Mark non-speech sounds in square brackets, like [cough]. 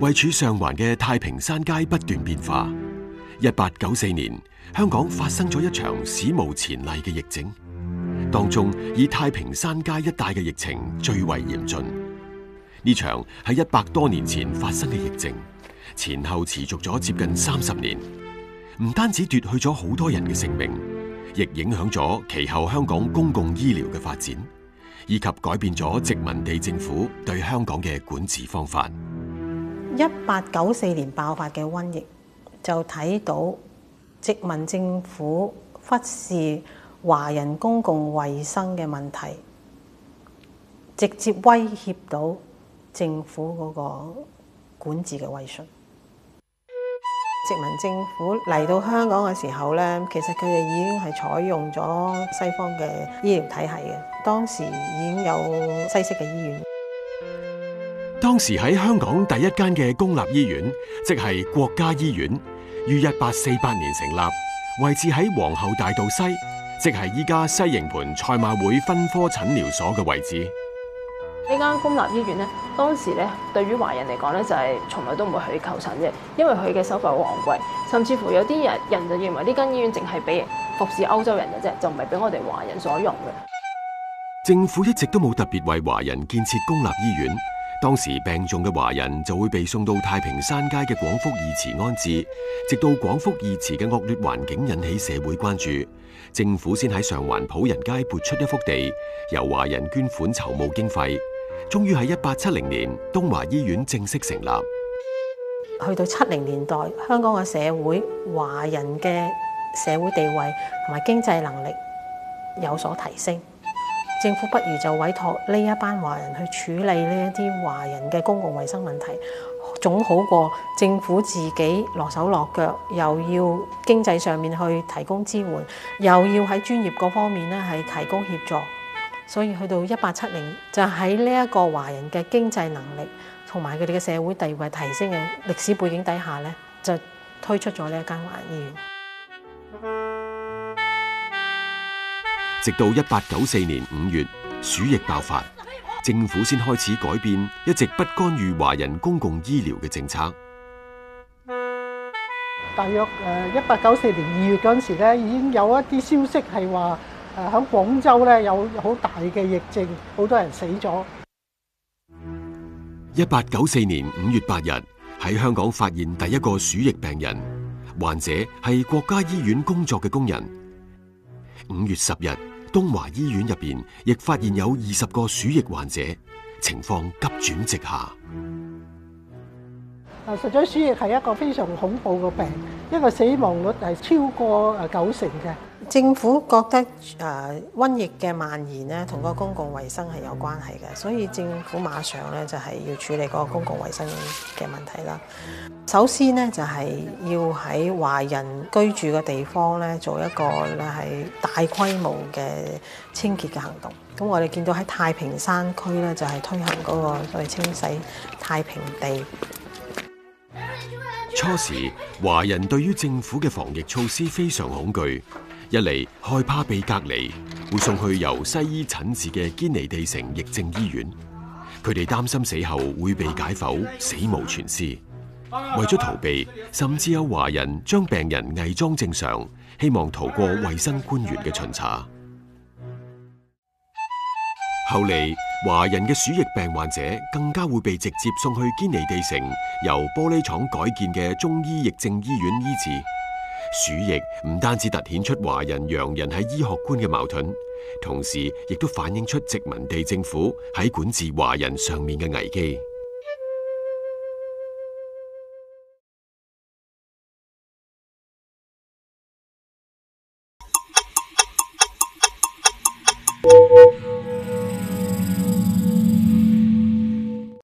位處上環嘅太平山街不斷變化。一八九四年，香港發生咗一場史無前例嘅疫症，當中以太平山街一帶嘅疫情最為嚴峻。呢場係一百多年前發生嘅疫症，前後持續咗接近三十年。唔單止奪去咗好多人嘅性命，亦影響咗其後香港公共醫療嘅發展，以及改變咗殖民地政府對香港嘅管治方法。一八九四年爆發嘅瘟疫，就睇到殖民政府忽視華人公共衛生嘅問題，直接威脅到政府嗰個管治嘅威信。殖民政府嚟到香港嘅時候呢，其實佢哋已經係採用咗西方嘅醫療體系嘅，當時已經有西式嘅醫院。當時喺香港第一間嘅公立醫院，即係國家醫院，於一八四八年成立，位置喺皇后大道西，即係依家西營盤賽馬會分科診療所嘅位置。呢間公立醫院呢，當時咧對於華人嚟講咧，就係從來都唔會去求診嘅，因為佢嘅收費好昂貴，甚至乎有啲人人就認為呢間醫院淨係俾服侍歐洲人嘅啫，就唔係俾我哋華人所用嘅。政府一直都冇特別為華人建設公立醫院。當時病重嘅華人就會被送到太平山街嘅廣福義祠安置，直到廣福義祠嘅惡劣環境引起社會關注，政府先喺上環普仁街撥出一幅地，由華人捐款籌募經費，終於喺一八七零年東華醫院正式成立。去到七零年代，香港嘅社會華人嘅社會地位同埋經濟能力有所提升。政府不如就委託呢一班華人去處理呢一啲華人嘅公共衛生問題，總好過政府自己落手落腳，又要經濟上面去提供支援，又要喺專業嗰方面咧，係提供協助。所以去到一八七零，就喺呢一個華人嘅經濟能力同埋佢哋嘅社會地位提升嘅歷史背景底下咧，就推出咗呢一間華人醫院。直到一八九四年五月鼠疫爆發，政府先開始改變一直不干預華人公共醫療嘅政策。大約誒，一八九四年二月嗰陣時咧，已經有一啲消息係話誒喺廣州咧有好大嘅疫症，好多人死咗。一八九四年五月八日喺香港發現第一個鼠疫病人，患者係國家醫院工作嘅工人。五月十日。東華醫院入邊亦發現有二十個鼠疫患者，情況急轉直下。嗱，實在鼠疫係一個非常恐怖嘅病，一個死亡率係超過誒九成嘅。政府覺得誒瘟疫嘅蔓延咧，同個公共衞生係有關係嘅，所以政府馬上咧就係要處理嗰個公共衞生嘅問題啦。首先呢，就係要喺華人居住嘅地方咧做一個係大規模嘅清潔嘅行動。咁我哋見到喺太平山區咧就係推行嗰個所謂清洗太平地。初時華人對於政府嘅防疫措施非常恐懼。一嚟害怕被隔離，會送去由西醫診治嘅堅尼地城疫症醫院，佢哋擔心死後會被解剖，死無全屍。為咗逃避，甚至有華人將病人偽裝正常，希望逃過衛生官員嘅巡查。 [noise] 後嚟，華人嘅鼠疫病患者更加會被直接送去堅尼地城，由玻璃廠改建嘅中醫疫症醫院醫治。鼠疫唔單止凸顯出華人、洋人喺醫學觀嘅矛盾，同時亦都反映出殖民地政府喺管治華人上面嘅危機。